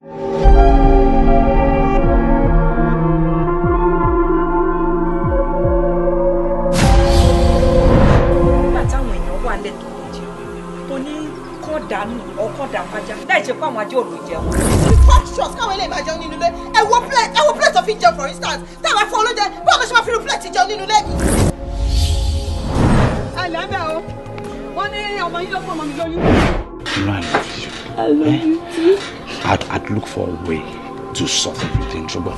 nígbà táwọn èèyàn wà lẹ́tọ̀ ló jẹ o ní kọ́ dànù ọkọ̀ dàpájá láì ṣe pé àwọn ajé òòlù jẹun. four shots káwọn ilé ìbàjẹ́ nínú ilé ẹ plate ẹ plate tó fi for instance táwọn afọ olóúnjẹ báwo ló ṣe máa fi irú plate jẹun nínú ilé mi. o wọ́n ní ọmọ yín ló fún ọmọ mi lóyún. I love you. I love eh? you too. I'd, I'd look for a way to solve everything ṣùgbọ́n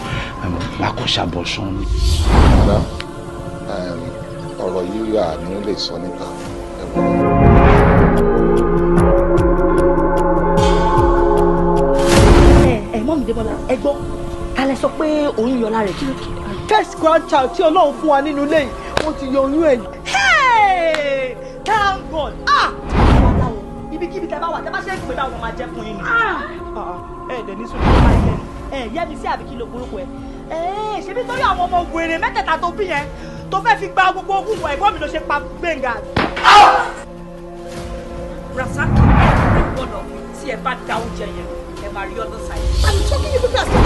makọ́ṣàbọ̀ ṣan ni. ọ̀la ọ̀rọ̀ yìí yà ni ó lè sọ nípa ẹ̀wọ̀n. mọ́mí débọ́lá ẹ gbọ́ ta lẹ sọ pé oyún yọ first grandchild tí ọlọ́run fún wa nínú ilé yìí wọ́n ti yọ oyún ẹ̀. hey thank god ah ibikíbi tẹ bá wà tẹ bá ṣe é pé báwọn máa jẹ fún yín ni. ẹ ah! ah, ah, ẹ dẹ̀ ní sùn ní ọ̀la ilẹ̀ ẹ yẹ mi sí àbíkí ló burúkú ẹ. ẹ ṣe bí torí àwọn ọmọ wèrè mẹ́tẹ̀ẹ̀ta tó bí yẹn tó fẹ́ fi gba gbogbo ogún wọ ẹ̀gbọ́n mi ló ṣe pa Gbẹ́ngà. Rasaki ẹ bá da oúnjẹ yẹn ẹ máa rí ọdún sáyé. àlùfáà kí gbogbo àti